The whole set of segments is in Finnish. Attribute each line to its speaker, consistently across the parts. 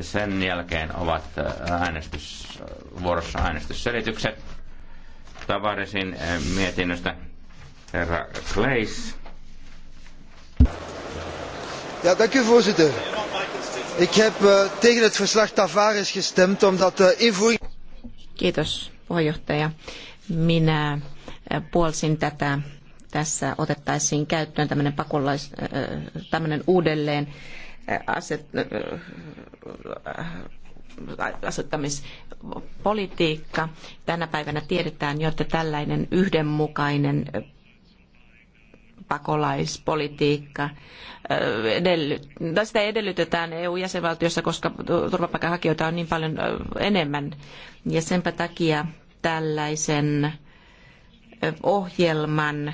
Speaker 1: Sen jälkeen ovat äh, äänestys, äh, vuorossa äänestysselitykset. Tavarisin äh, mietinnöstä herra Kleis.
Speaker 2: Ja, dank u voorzitter. Ik heb uh, tegen het verslag Tavares gestemd omdat de eh, invoering...
Speaker 3: Kiitos puheenjohtaja. Minä eh, puolsin tätä. Tässä otettaisiin käyttöön tämmöinen, pakolais, äh, tämmöinen uudelleen Äh, äh, asettamispolitiikka. Tänä päivänä tiedetään jo, että tällainen yhdenmukainen äh, pakolaispolitiikka. Sitä edellytetään EU-jäsenvaltiossa, koska turvapaikanhakijoita on niin paljon enemmän. Ja senpä takia tällaisen ohjelman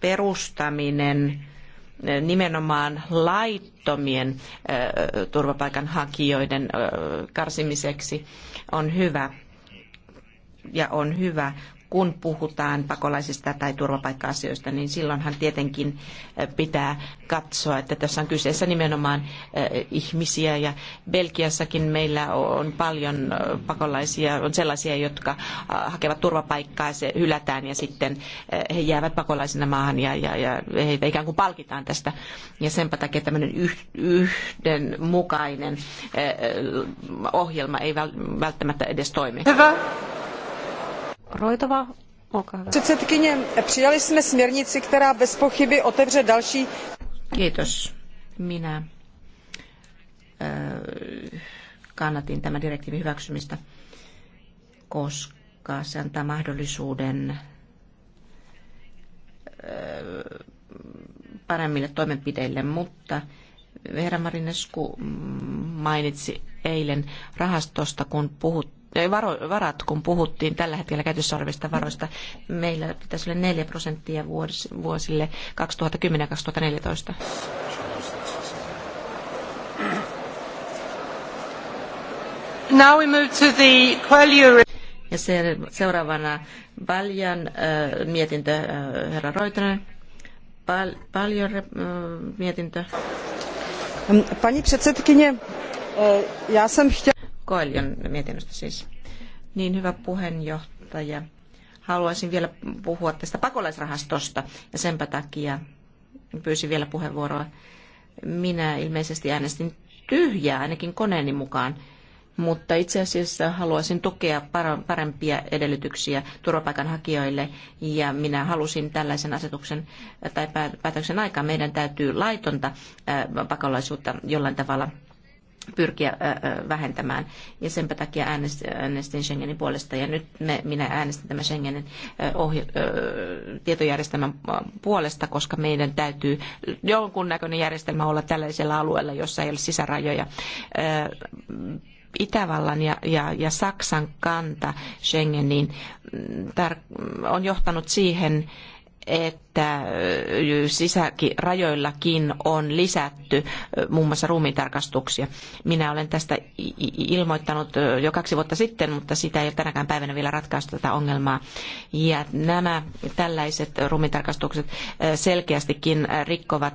Speaker 3: perustaminen nimenomaan laittomien turvapaikanhakijoiden karsimiseksi on hyvä ja on hyvä kun puhutaan pakolaisista tai turvapaikka-asioista, niin silloinhan tietenkin pitää katsoa, että tässä on kyseessä nimenomaan ihmisiä. Ja Belgiassakin meillä on paljon pakolaisia, on sellaisia, jotka hakevat turvapaikkaa, se hylätään ja sitten he jäävät pakolaisina maahan ja, ja, ja heitä ikään kuin palkitaan tästä. Ja sen takia tämmöinen yhdenmukainen ohjelma ei välttämättä edes toimi. Hyvä.
Speaker 2: Roitova, olkaa hyvä. Předsedkyně, přijali jsme směrnici, která bez pochyby otevře další...
Speaker 3: Kiitos. Minä eh, kannatin tämän direktiivin hyväksymistä, koska se antaa mahdollisuuden eh, paremmille toimenpiteille, mutta Vera Marinesku mainitsi eilen rahastosta, kun puhuttiin varo. varat, kun puhuttiin tällä hetkellä käytössä olevista varoista, meillä pitäisi olla 4 prosenttia vuosille 2010-2014. Now we move to the Coelho ja se, seuraavana Valjan äh, mietintö, äh, herra Roitinen. Pal, paljon äh, mietintö.
Speaker 2: Pani předsedkyně,
Speaker 3: já jsem chtěla... Koelion mietinnöstä siis. Niin hyvä puheenjohtaja. Haluaisin vielä puhua tästä pakolaisrahastosta ja senpä takia pyysin vielä puheenvuoroa. Minä ilmeisesti äänestin tyhjää ainakin koneeni mukaan, mutta itse asiassa haluaisin tukea parempia edellytyksiä turvapaikanhakijoille ja minä halusin tällaisen asetuksen tai päätöksen aikaa meidän täytyy laitonta pakolaisuutta jollain tavalla pyrkiä vähentämään. Ja sen takia äänestin Schengenin puolesta. Ja nyt me, minä äänestin tämän Schengenin ohje, tietojärjestelmän puolesta, koska meidän täytyy jonkunnäköinen järjestelmä olla tällaisella alueella, jossa ei ole sisärajoja. Itävallan ja, ja, ja Saksan kanta Schengeniin mm, on johtanut siihen, että sisärajoillakin on lisätty muun muassa ruumiintarkastuksia. Minä olen tästä ilmoittanut jo kaksi vuotta sitten, mutta sitä ei ole tänäkään päivänä vielä ratkaistu tätä ongelmaa. Ja nämä tällaiset ruumiintarkastukset selkeästikin rikkovat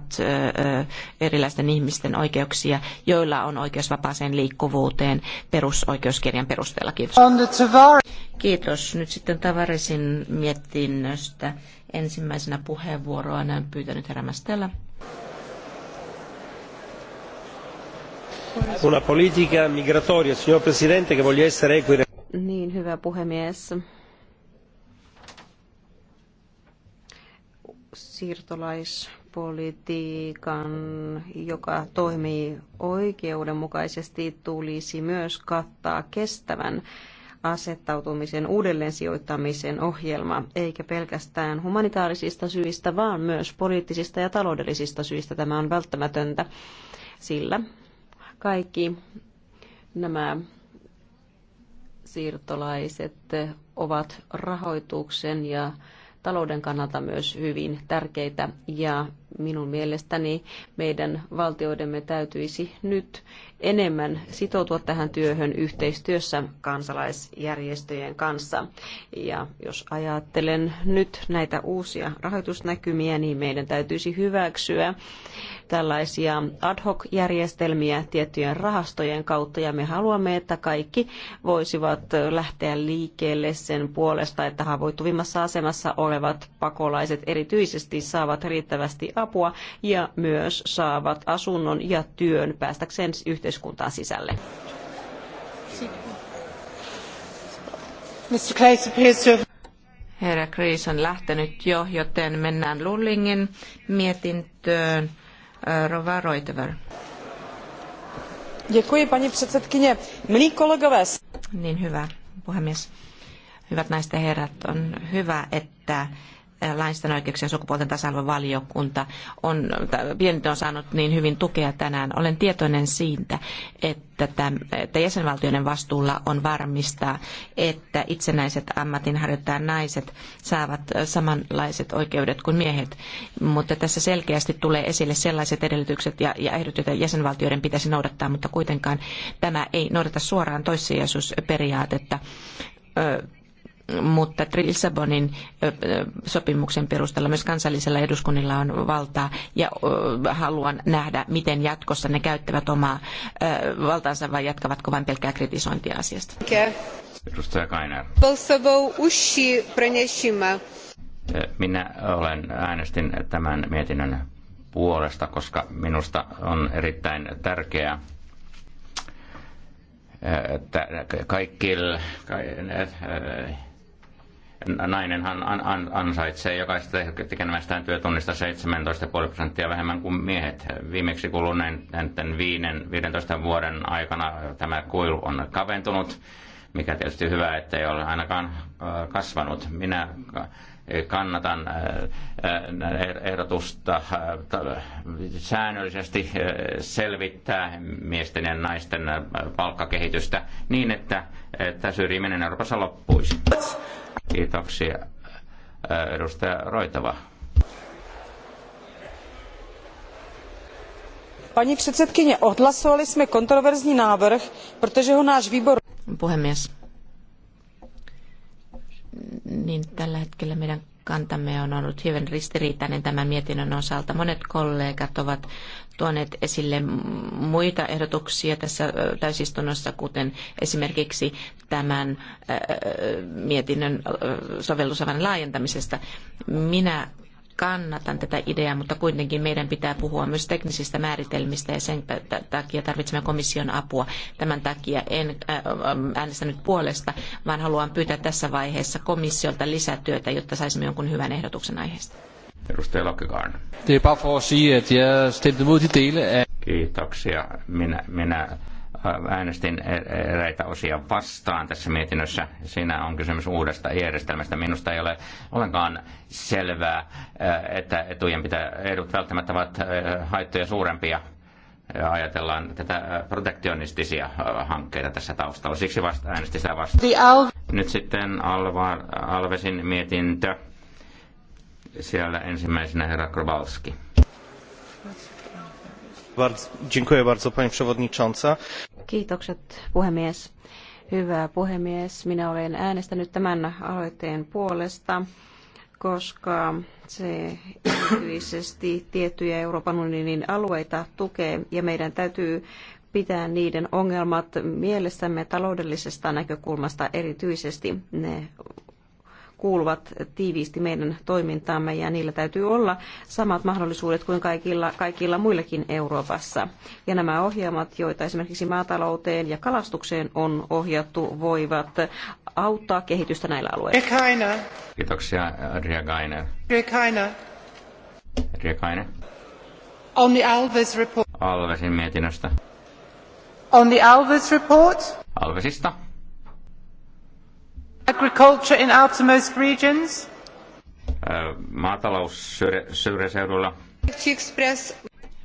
Speaker 3: erilaisten ihmisten oikeuksia, joilla on oikeus vapaaseen liikkuvuuteen perusoikeuskirjan perusteella. Kiitos. Kiitos. Nyt sitten Tavaresin mietinnöstä. Ensimmäisenä puheenvuoroa näin pyytänyt herra
Speaker 4: Una politica migratoria, signor Presidente, che voglio essere equire.
Speaker 5: Niin, hyvä puhemies. Siirtolaispolitiikan, joka toimii oikeudenmukaisesti, tulisi myös kattaa kestävän asettautumisen uudelleensijoittamisen ohjelma, eikä pelkästään humanitaarisista syistä, vaan myös poliittisista ja taloudellisista syistä tämä on välttämätöntä, sillä kaikki nämä siirtolaiset ovat rahoituksen ja talouden kannalta myös hyvin tärkeitä ja minun mielestäni meidän valtioidemme täytyisi nyt enemmän sitoutua tähän työhön yhteistyössä kansalaisjärjestöjen kanssa. Ja jos ajattelen nyt näitä uusia rahoitusnäkymiä, niin meidän täytyisi hyväksyä tällaisia ad hoc-järjestelmiä tiettyjen rahastojen kautta, ja me haluamme, että kaikki voisivat lähteä liikkeelle sen puolesta, että haavoittuvimmassa asemassa olevat pakolaiset erityisesti saavat riittävästi apua apua ja myös saavat asunnon ja työn päästäkseen yhteiskuntaan sisälle.
Speaker 3: Herra Kreis on lähtenyt jo, joten mennään Lullingin mietintöön. Rova Reutever. Děkuji, paní předsedkyně. Milí kolegové. Niin hyvä, puhemies. Hyvät naiset herrat, on hyvä, että laisten oikeuksien sukupuolten tasa valiokunta on, mietintö on saanut niin hyvin tukea tänään. Olen tietoinen siitä, että, että jäsenvaltioiden vastuulla on varmistaa, että itsenäiset ammatinharjoittajan naiset saavat samanlaiset oikeudet kuin miehet, mutta tässä selkeästi tulee esille sellaiset edellytykset ja, ja ehdot, joita jäsenvaltioiden pitäisi noudattaa, mutta kuitenkaan tämä ei noudata suoraan toissijaisuusperiaatetta mutta Lissabonin sopimuksen perusteella myös kansallisella eduskunnilla on valtaa ja haluan nähdä, miten jatkossa ne käyttävät omaa valtaansa vai jatkavatko vain pelkkää kritisointia asiasta.
Speaker 1: Edustaja Minä olen äänestin tämän mietinnön puolesta, koska minusta on erittäin tärkeää, että kaikille nainenhan ansaitsee jokaista tekemästään työtunnista 17,5 prosenttia vähemmän kuin miehet. Viimeksi kuluneen 15 vuoden aikana tämä kuilu on kaventunut, mikä tietysti hyvä, ei ole ainakaan kasvanut. Minä kannatan ehdotusta säännöllisesti selvittää miesten ja naisten palkkakehitystä niin, että, että syrjiminen Euroopassa loppuisi. Kiitoksia. Edustaja Roitava.
Speaker 2: Paní předsedkyně, odhlasovali jsme kontroverzní návrh, protože ho náš výbor...
Speaker 3: Puhemies. Niin tällä hetkellä meidän kantamme on ollut hyvin ristiriitainen tämän mietinnön osalta. Monet kollegat ovat tuoneet esille muita ehdotuksia tässä täysistunnossa, kuten esimerkiksi tämän mietinnön sovellusavan laajentamisesta. Minä kannatan tätä ideaa, mutta kuitenkin meidän pitää puhua myös teknisistä määritelmistä ja sen takia tarvitsemme komission apua. Tämän takia en äh, äh, äänestänyt puolesta, vaan haluan pyytää tässä vaiheessa komissiolta lisätyötä, jotta saisimme jonkun hyvän ehdotuksen aiheesta.
Speaker 1: Edustaja Lokkegaard. Det är er bara för att säga att jag stämde mot dele Kiitoksia. Minä, minä äänestin e- eräitä osia vastaan tässä mietinnössä. Siinä on kysymys uudesta järjestelmästä. Minusta ei ole ollenkaan selvää, e, että etujen pitää, edut välttämättä ovat e, haittoja suurempia. Ajatellaan tätä protektionistisia hankkeita tässä taustalla. Siksi vasta äänestin sitä vastaan. Nyt sitten Alva, Alvesin mietintö. Siellä ensimmäisenä herra Krobalski.
Speaker 4: Dziękuję bardzo, pani przewodnicząca.
Speaker 5: Kiitokset puhemies. Hyvä puhemies, minä olen äänestänyt tämän aloitteen puolesta, koska se erityisesti tiettyjä Euroopan unionin alueita tukee ja meidän täytyy pitää niiden ongelmat mielessämme taloudellisesta näkökulmasta erityisesti. Ne kuuluvat tiiviisti meidän toimintaamme ja niillä täytyy olla samat mahdollisuudet kuin kaikilla, kaikilla muillakin Euroopassa. Ja nämä ohjelmat, joita esimerkiksi maatalouteen ja kalastukseen on ohjattu, voivat auttaa kehitystä
Speaker 6: näillä alueilla.
Speaker 1: Kiitoksia, Riekainen.
Speaker 6: Riekainen. Riekainen. On the Alves report.
Speaker 1: Alvesin mietinnöstä.
Speaker 6: On the Alves report. Alvesista. Agriculture in outermost regions.
Speaker 1: Äh,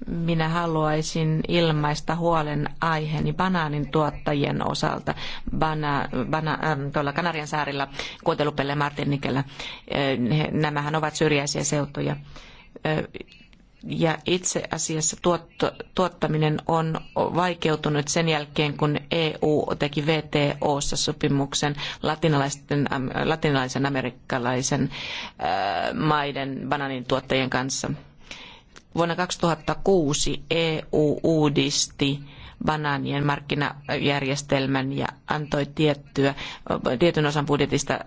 Speaker 3: Minä haluaisin ilmaista huolen aiheeni banaanin tuottajien osalta bana, bana, ähm, tuolla Kanarian saarilla, Kuotelupelle ja Martinikellä. Äh, nämähän ovat syrjäisiä seutuja äh, ja itse asiassa tuottaminen on vaikeutunut sen jälkeen, kun EU teki VTOssa sopimuksen latinalaisten, latinalaisen amerikkalaisen äh, maiden bananin tuottajien kanssa. Vuonna 2006 EU uudisti banaanien markkinajärjestelmän ja antoi tiettyä, tietyn osan budjetista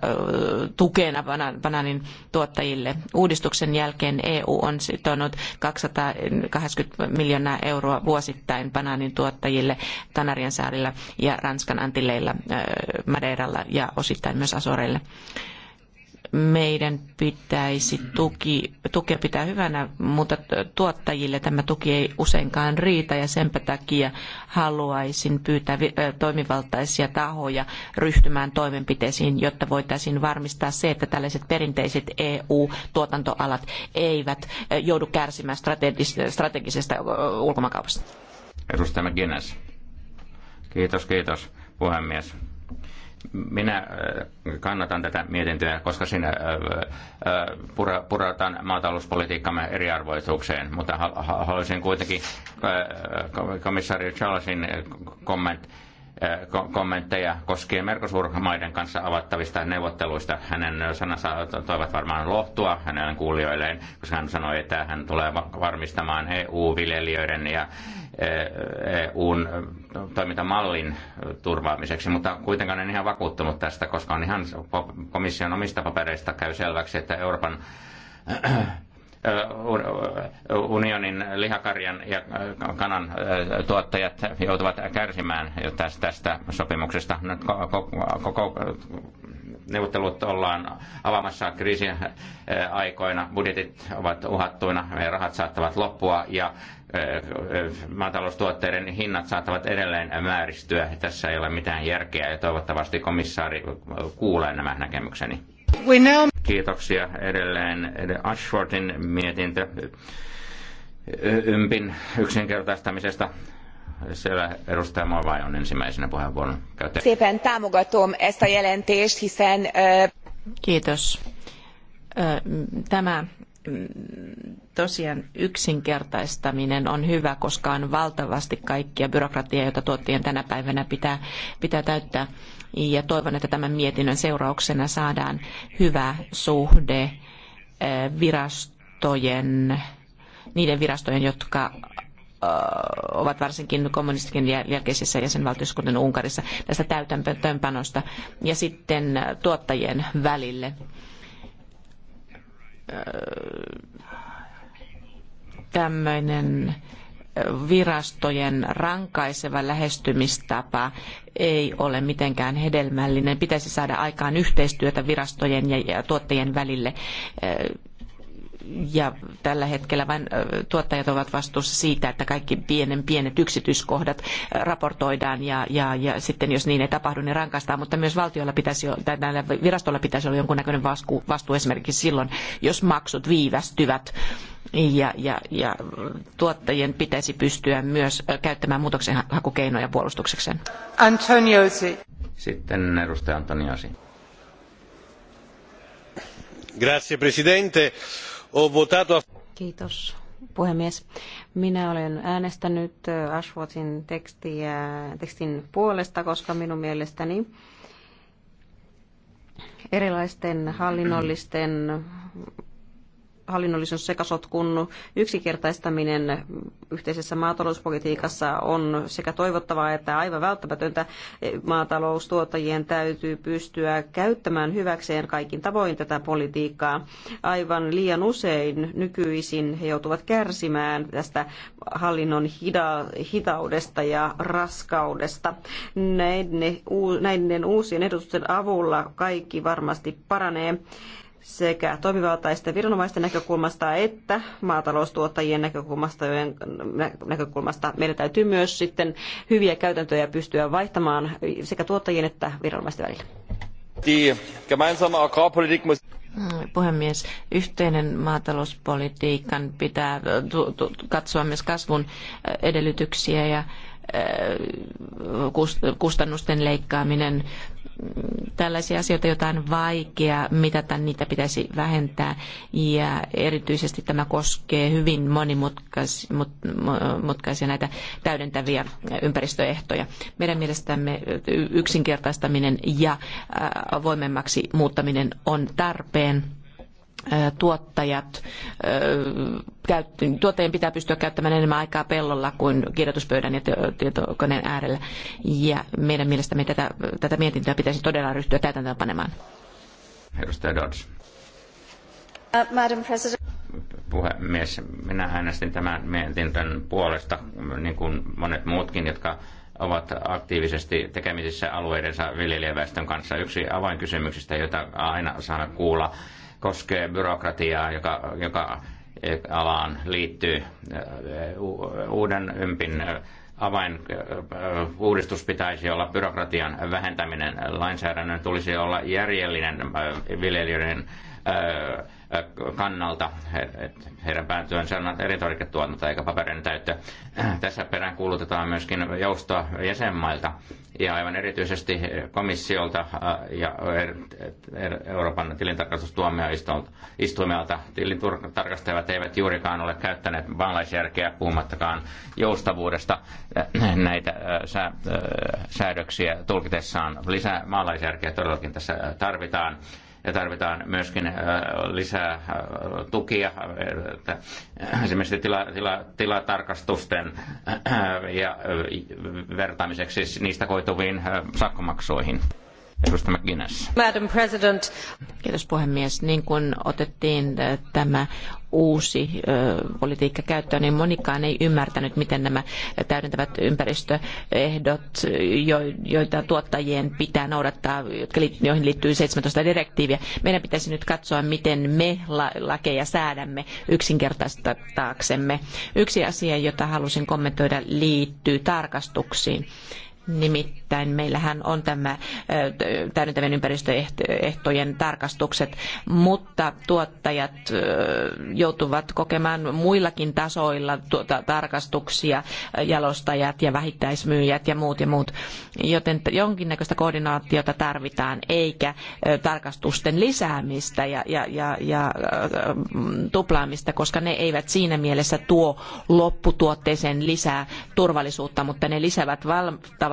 Speaker 3: tukena banaanin tuottajille. Uudistuksen jälkeen EU on sitonut 280 miljoonaa euroa vuosittain banaanin tuottajille Kanarian saarilla ja Ranskan Antilleilla, Madeiralla ja osittain myös Asoreille meidän pitäisi tuki, tukea pitää hyvänä, mutta tuottajille tämä tuki ei useinkaan riitä ja senpä takia haluaisin pyytää toimivaltaisia tahoja ryhtymään toimenpiteisiin, jotta voitaisiin varmistaa se, että tällaiset perinteiset EU-tuotantoalat eivät joudu kärsimään strategisesta ulkomaankaupasta.
Speaker 1: Edustaja Guinness. Kiitos, kiitos puhemies minä äh, kannatan tätä mietintöä, koska siinä äh, äh, purataan maatalouspolitiikkamme eriarvoisuukseen, mutta haluaisin kuitenkin komissaari Charlesin kommentti kommentteja koskien Mercosur-maiden kanssa avattavista neuvotteluista. Hänen sanansa toivat varmaan lohtua hänen kuulijoilleen, koska hän sanoi, että hän tulee varmistamaan EU-viljelijöiden ja EUn toimintamallin turvaamiseksi, mutta kuitenkaan en ihan vakuuttunut tästä, koska on ihan komission omista papereista käy selväksi, että Euroopan unionin lihakarjan ja kanan tuottajat joutuvat kärsimään tästä sopimuksesta. Nyt koko neuvottelut ollaan avaamassa kriisin aikoina, budjetit ovat uhattuina, meidän rahat saattavat loppua ja maataloustuotteiden hinnat saattavat edelleen määristyä. Tässä ei ole mitään järkeä ja toivottavasti komissaari kuulee nämä näkemykseni. Kiitoksia edelleen Ashfordin mietintö ympin yksinkertaistamisesta. Siellä edustaja Morvai on ensimmäisenä puheenvuoron käyttäjä.
Speaker 3: Kiitos. Tämä tosiaan yksinkertaistaminen on hyvä, koska on valtavasti kaikkia byrokratiaa, joita tuottien tänä päivänä pitää, pitää täyttää ja toivon, että tämän mietinnön seurauksena saadaan hyvä suhde eh, virastojen, niiden virastojen, jotka eh, ovat varsinkin kommunistikin jälkeisissä jäsenvaltiossa, kuten Unkarissa, tästä täytäntöönpanosta ja sitten tuottajien välille. Eh, tämmöinen virastojen rankaiseva lähestymistapa ei ole mitenkään hedelmällinen. Pitäisi saada aikaan yhteistyötä virastojen ja tuottajien välille ja tällä hetkellä vain tuottajat ovat vastuussa siitä, että kaikki pienen pienet yksityiskohdat raportoidaan ja, ja, ja sitten jos niin ei tapahdu, niin rankaistaan, mutta myös valtiolla pitäisi, tai näillä virastolla pitäisi olla jonkunnäköinen vastuu, vastuu esimerkiksi silloin, jos maksut viivästyvät ja, ja, ja tuottajien pitäisi pystyä myös äh, käyttämään muutoksenhakukeinoja
Speaker 1: puolustuksekseen.
Speaker 6: Antoniosi.
Speaker 1: Sitten edustaja Antoniosi.
Speaker 4: Grazie presidente. Ho votato...
Speaker 6: Kiitos
Speaker 5: puhemies. Minä olen äänestänyt äh, Ashworthin tekstiä, tekstin puolesta, koska minun mielestäni erilaisten hallinnollisten hallinnollisen sekasotkun yksinkertaistaminen yhteisessä maatalouspolitiikassa on sekä toivottavaa että aivan välttämätöntä. Maataloustuottajien täytyy pystyä käyttämään hyväkseen kaikin tavoin tätä politiikkaa. Aivan liian usein nykyisin he joutuvat kärsimään tästä hallinnon hitaudesta ja raskaudesta. Näiden, näiden uusien edustusten avulla kaikki varmasti paranee sekä toimivaltaisten viranomaisten näkökulmasta että maataloustuottajien näkökulmasta, näkökulmasta. Meidän täytyy myös sitten hyviä käytäntöjä pystyä vaihtamaan sekä tuottajien että viranomaisten välillä.
Speaker 3: Mm, puhemies, yhteinen maatalouspolitiikan pitää katsoa myös kasvun äh, edellytyksiä ja Äh, kustannusten leikkaaminen, tällaisia asioita, joita on vaikea mitata, niitä pitäisi vähentää. Ja erityisesti tämä koskee hyvin monimutkaisia näitä täydentäviä ympäristöehtoja. Meidän mielestämme yksinkertaistaminen ja äh, avoimemmaksi muuttaminen on tarpeen tuottajat, tuottajien pitää pystyä käyttämään enemmän aikaa pellolla kuin kirjoituspöydän ja tietokoneen äärellä. Ja meidän mielestämme tätä, tätä mietintöä pitäisi todella ryhtyä täytäntöön panemaan.
Speaker 1: Edustaja Dodds.
Speaker 7: Uh, Madam President.
Speaker 1: Puhemies, minä äänestin tämän mietintön puolesta, niin kuin monet muutkin, jotka ovat aktiivisesti tekemisissä alueidensa viljelijäväestön kanssa. Yksi avainkysymyksistä, jota aina saa kuulla, koskee byrokratiaa, joka, joka alaan liittyy. Äh, uuden ympin äh, avain äh, uudistus pitäisi olla byrokratian vähentäminen. Lainsäädännön tulisi olla järjellinen viljelijöiden kannalta heidän päätyönsä on elintarviketuotanto eikä paperin täyttö. Tässä perään kuulutetaan myöskin joustoa jäsenmailta ja aivan erityisesti eh, komissiolta eh, ja er, er, er, Euroopan tilintarkastustuomioistuimelta. Tilintarkastajat eivät juurikaan ole käyttäneet maalaisjärkeä puhumattakaan joustavuudesta eh, näitä säädöksiä tulkitessaan. Lisää maalaisjärkeä todellakin tässä tarvitaan ja tarvitaan myöskin äh, lisää äh, tukia, äh, esimerkiksi tila, tila, tilatarkastusten ja vertaamiseksi siis niistä koituviin sakkomaksuihin arvoisa
Speaker 3: puhemies. Niin kuin otettiin äh, tämä uusi äh, politiikka käyttöön, niin monikaan ei ymmärtänyt, miten nämä täydentävät ympäristöehdot, joita tuottajien pitää noudattaa, joihin liittyy 17 direktiiviä. Meidän pitäisi nyt katsoa, miten me lakeja säädämme yksinkertaistaaksemme. Yksi asia, jota halusin kommentoida, liittyy tarkastuksiin. Nimittäin meillähän on tämä täydentävien ympäristöehtojen tarkastukset, mutta tuottajat joutuvat kokemaan muillakin tasoilla tuota tarkastuksia, jalostajat ja vähittäismyyjät ja muut ja muut. Joten jonkinnäköistä koordinaatiota tarvitaan, eikä tarkastusten lisäämistä ja, ja, ja, ja tuplaamista, koska ne eivät siinä mielessä tuo lopputuotteeseen lisää turvallisuutta, mutta ne lisäävät valtavasti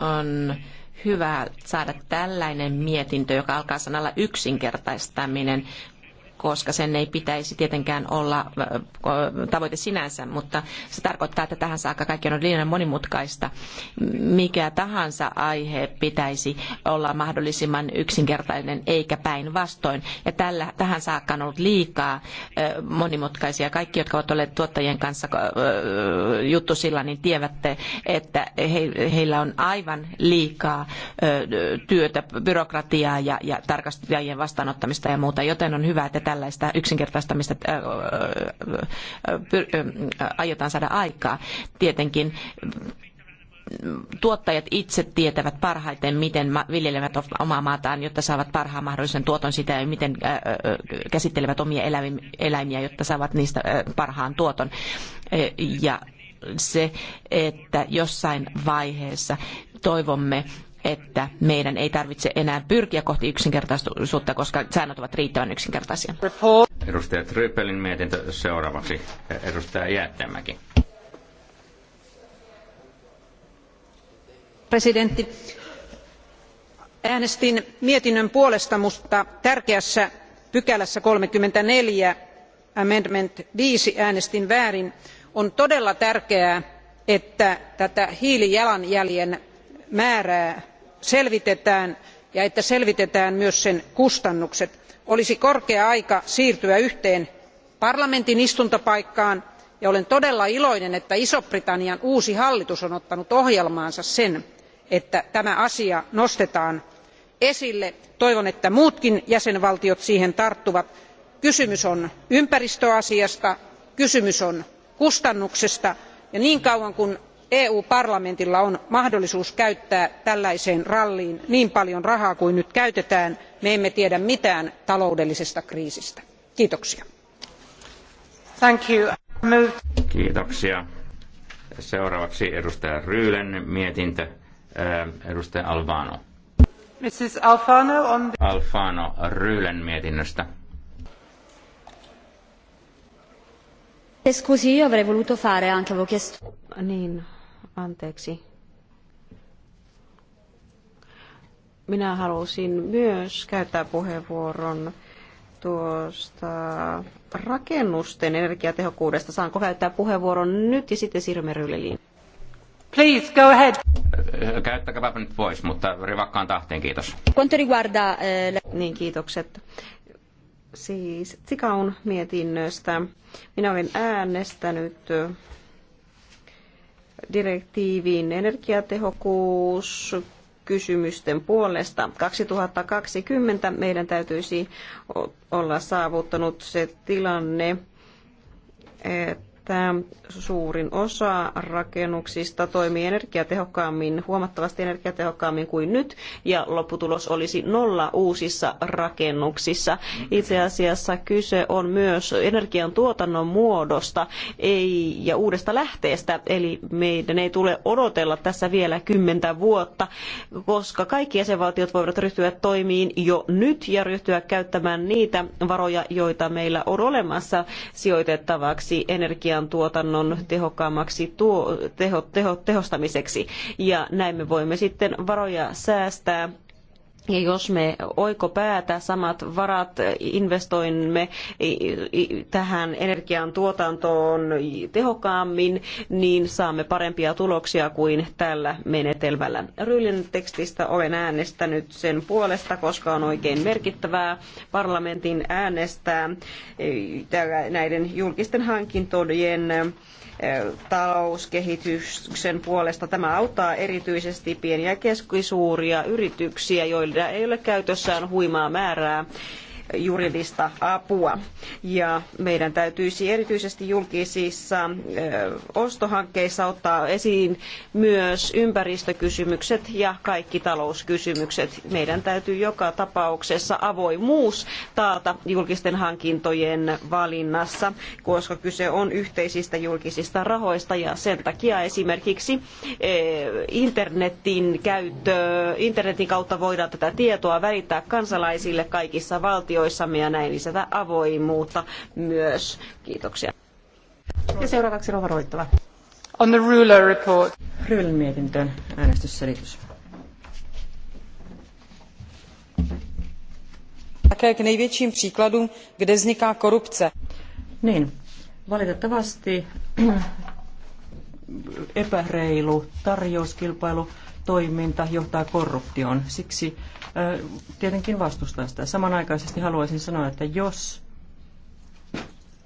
Speaker 6: On
Speaker 3: hyvä saada tällainen mietintö, joka alkaa sanalla yksinkertaistaminen, koska sen ei pitäisi tietenkään olla tavoite sinänsä, mutta se tarkoittaa, että tähän saakka kaikki on ollut liian monimutkaista. Mikä tahansa aihe pitäisi olla mahdollisimman yksinkertainen eikä päinvastoin. Ja tällä, tähän saakka on ollut liikaa monimutkaisia. Kaikki, jotka ovat olleet tuottajien kanssa juttusilla, niin tiedätte, että heillä on aivan liikaa työtä, byrokratiaa ja, ja tarkastajien vastaanottamista ja muuta, joten on hyvä, että tällaista yksinkertaistamista äh, äh, äh, aiotaan saada aikaa. Tietenkin tuottajat itse tietävät parhaiten, miten viljelevät omaa maataan, jotta saavat parhaan mahdollisen tuoton sitä ja miten käsittelevät omia eläimiä, jotta saavat niistä parhaan tuoton. Ja se, että jossain vaiheessa toivomme, että meidän ei tarvitse enää pyrkiä kohti yksinkertaisuutta, koska säännöt ovat riittävän yksinkertaisia.
Speaker 1: Edustaja Trypelin mietintö seuraavaksi. Edustaja Jäättämäki.
Speaker 5: Presidentti, äänestin mietinnön puolesta, mutta tärkeässä pykälässä 34, amendment 5, äänestin väärin. On todella tärkeää, että tätä hiilijalanjäljen määrää selvitetään ja että selvitetään myös sen kustannukset. olisi korkea aika siirtyä yhteen parlamentin istuntopaikkaan ja olen todella iloinen että ison britannian uusi hallitus on ottanut ohjelmaansa sen että tämä asia nostetaan esille. toivon että muutkin jäsenvaltiot siihen tarttuvat. kysymys on ympäristöasiasta kysymys on kustannuksesta ja niin kauan kuin eu parlamentilla on mahdollisuus käyttää tällaiseen ralliin niin paljon rahaa kuin nyt käytetään me emme tiedä mitään taloudellisesta
Speaker 6: kriisistä. kiitoksia.
Speaker 1: kiitoksia. seuraavaksi edustaja ryylen mietintö edustaja alvano.
Speaker 6: Mrs. Alfano, on the...
Speaker 1: Alfano Ryylen mietinnöstä.
Speaker 6: Scusi, io avrei voluto fare
Speaker 5: anche, avevo chiesto. Niin, Anteeksi. Minä halusin myös käyttää puheenvuoron tuosta rakennusten energiatehokkuudesta. Saanko käyttää puheenvuoron nyt ja sitten siirrymme Ryyliliin? Please, go ahead.
Speaker 1: Käyttäkääpä nyt pois, mutta rivakkaan tahteen, kiitos.
Speaker 5: Quanto riguarda... Eh, niin, kiitokset. Siis Tsikaun mietinnöstä. Minä olen äänestänyt direktiivin energiatehokkuus kysymysten puolesta. 2020 meidän täytyisi olla saavuttanut se tilanne, että että suurin osa rakennuksista toimii energiatehokkaammin, huomattavasti energiatehokkaammin kuin nyt, ja lopputulos olisi nolla uusissa rakennuksissa. Itse asiassa kyse on myös energiantuotannon muodosta ei, ja uudesta lähteestä, eli meidän ei tule odotella tässä vielä kymmentä vuotta, koska kaikki jäsenvaltiot voivat ryhtyä toimiin jo nyt ja ryhtyä käyttämään niitä varoja, joita meillä on olemassa sijoitettavaksi energia energiantuotannon tehokkaammaksi tuo, teho, teho, tehostamiseksi. Ja näin me voimme sitten varoja säästää ja jos me oikopäätä samat varat investoimme tähän energian tuotantoon tehokkaammin, niin saamme parempia tuloksia kuin tällä menetelmällä. Ryylin tekstistä olen äänestänyt sen puolesta, koska on oikein merkittävää parlamentin äänestää näiden julkisten hankintojen talouskehityksen puolesta. Tämä auttaa erityisesti pieniä ja keskisuuria yrityksiä, joilla ei ole käytössään huimaa määrää juridista apua. Ja meidän täytyisi erityisesti julkisissa ostohankkeissa ottaa esiin myös ympäristökysymykset ja kaikki talouskysymykset. Meidän täytyy joka tapauksessa avoimuus taata julkisten hankintojen valinnassa, koska kyse on yhteisistä julkisista rahoista ja sen takia esimerkiksi internetin käyttö, internetin kautta voidaan tätä tietoa välittää kansalaisille kaikissa valtioissa valtioissamme ja näin lisätä avoimuutta myös. Kiitoksia.
Speaker 2: Ja seuraavaksi Rova Roittava. On the ruler report. Ryylän mietintöön äänestysselitys. také k největším příkladům, kde vzniká korupce. Niin, valitettavasti epäreilu tarjouskilpailu toiminta johtaa korruptioon. Siksi tietenkin vastustan sitä. Samanaikaisesti haluaisin sanoa, että jos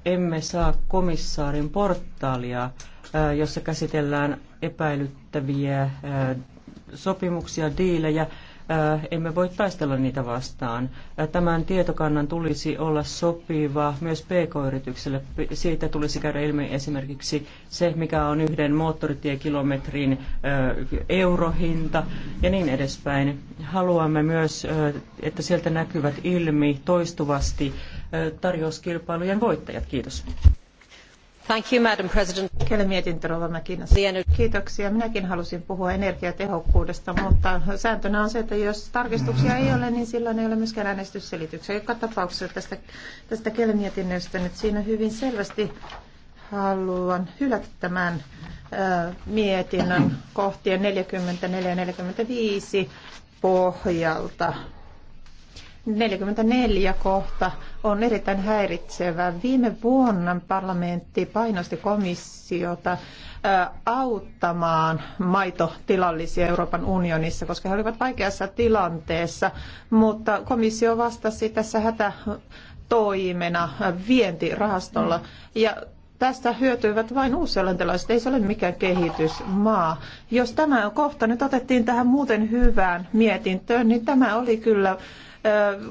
Speaker 2: emme saa komissaarin portaalia, jossa käsitellään epäilyttäviä sopimuksia, diilejä, Äh, emme voi taistella niitä vastaan. Äh, tämän tietokannan tulisi olla sopiva myös pk-yritykselle. Siitä tulisi käydä ilmi esimerkiksi se, mikä on yhden moottoritiekilometrin äh, eurohinta ja niin edespäin. Haluamme myös, että sieltä näkyvät ilmi toistuvasti tarjouskilpailujen voittajat. Kiitos. Madam President.
Speaker 6: mietintö Kiitoksia. Minäkin halusin puhua energiatehokkuudesta, mutta sääntönä on se, että jos tarkistuksia ei ole, niin silloin ei ole myöskään äänestysselityksiä. Joka tapauksessa tästä, tästä mietinnöstä nyt siinä hyvin selvästi haluan hylätä tämän mietinnön kohtien 44 ja 45 pohjalta. 44 kohta on erittäin häiritsevä. Viime vuonna parlamentti painosti komissiota auttamaan maitotilallisia Euroopan unionissa, koska he olivat vaikeassa tilanteessa, mutta komissio vastasi tässä hätätoimena vientirahastolla ja Tästä hyötyivät vain uusiolentilaiset, ei se ole mikään kehitysmaa. Jos tämä kohta nyt otettiin tähän muuten hyvään mietintöön, niin tämä oli kyllä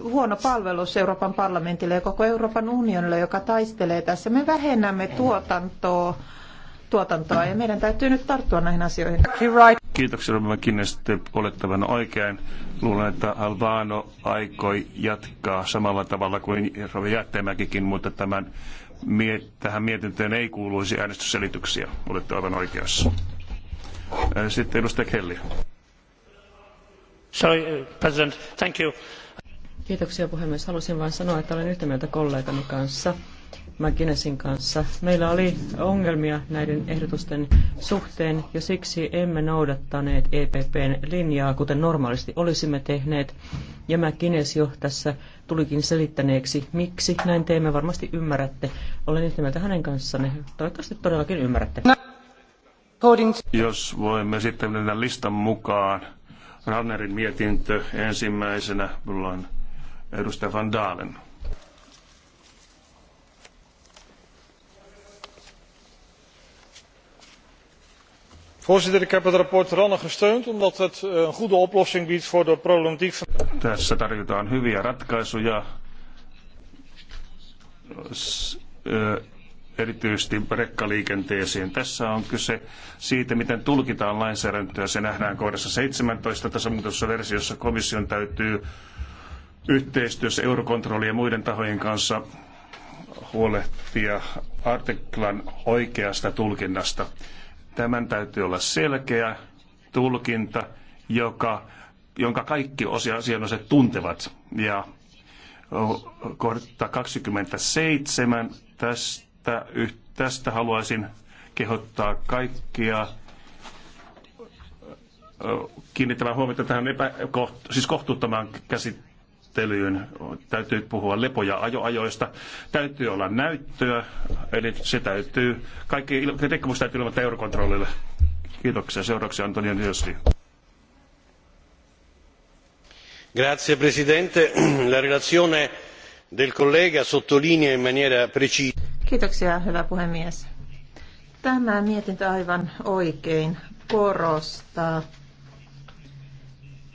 Speaker 6: huono palvelus Euroopan parlamentille ja koko Euroopan unionille, joka taistelee tässä. Me vähennämme tuotantoa, tuotantoa ja meidän täytyy nyt tarttua näihin asioihin.
Speaker 4: Kiitoksia, Robin olette olettavan oikein. Luulen, että Alvano aikoi jatkaa samalla tavalla kuin Robin Jättemäkikin, mutta tämän, tähän mietintöön ei kuuluisi äänestysselityksiä. Olette aivan oikeassa. Sitten edustaja Kelly. Sorry, uh, President. Thank you.
Speaker 2: Kiitoksia puhemies. Halusin vain sanoa, että olen yhtä mieltä kollegani kanssa, McGinnessin kanssa. Meillä oli ongelmia näiden ehdotusten suhteen ja siksi emme noudattaneet EPPn linjaa, kuten normaalisti olisimme tehneet. Ja McGinness jo tässä tulikin selittäneeksi, miksi näin teemme. Varmasti ymmärrätte. Olen yhtä mieltä hänen kanssaan. Toivottavasti todellakin ymmärrätte.
Speaker 4: Jos voimme sitten mennä listan mukaan. Rannerin mietintö ensimmäisenä. Mulla on edustaja Van Daalen. Voorzitter, ik heb het rapport Ranne gesteund omdat het eh, een goede oplossing biedt voor de problematiek van... Tässä tarjotaan hyviä ratkaisuja eh, erityisesti rekkaliikenteeseen. Tässä on kyse siitä, miten tulkitaan lainsäädäntöä. Se nähdään kohdassa 17 tasamuutossa versiossa. Komission täytyy yhteistyössä Eurokontrolli ja muiden tahojen kanssa huolehtia artiklan oikeasta tulkinnasta. Tämän täytyy olla selkeä tulkinta, joka, jonka kaikki asianosaiset tuntevat. Ja kohta 27 tästä, tästä haluaisin kehottaa kaikkia kiinnittämään huomiota tähän epäkoht- siis kohtuuttomaan käsittelyyn sääntelyyn. Täytyy puhua lepo- ja ajoajoista. Täytyy olla näyttöä, eli se täytyy, kaikki rikkomus täytyy ilmoittaa eurokontrollille. Kiitoksia. Seuraavaksi Antonio Niosti. Grazie Presidente. La relazione del collega
Speaker 7: sottolinea in maniera precisa.
Speaker 6: Kiitoksia, hyvä puhemies. Tämä mietintö aivan oikein korostaa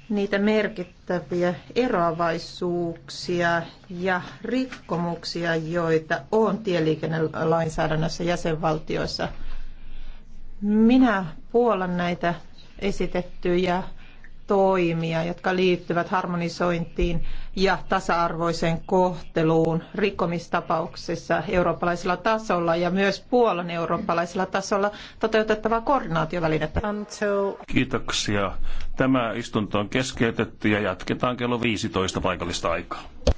Speaker 6: niitä merkittäviä eroavaisuuksia ja rikkomuksia, joita on tieliikennelainsäädännössä jäsenvaltioissa. Minä puolan näitä esitettyjä toimia, jotka liittyvät harmonisointiin ja tasa-arvoiseen kohteluun rikkomistapauksissa eurooppalaisella tasolla ja myös Puolan eurooppalaisella tasolla toteutettavaa koordinaatiovälinettä.
Speaker 4: Kiitoksia. Tämä istunto on keskeytetty ja jatketaan kello 15 paikallista aikaa.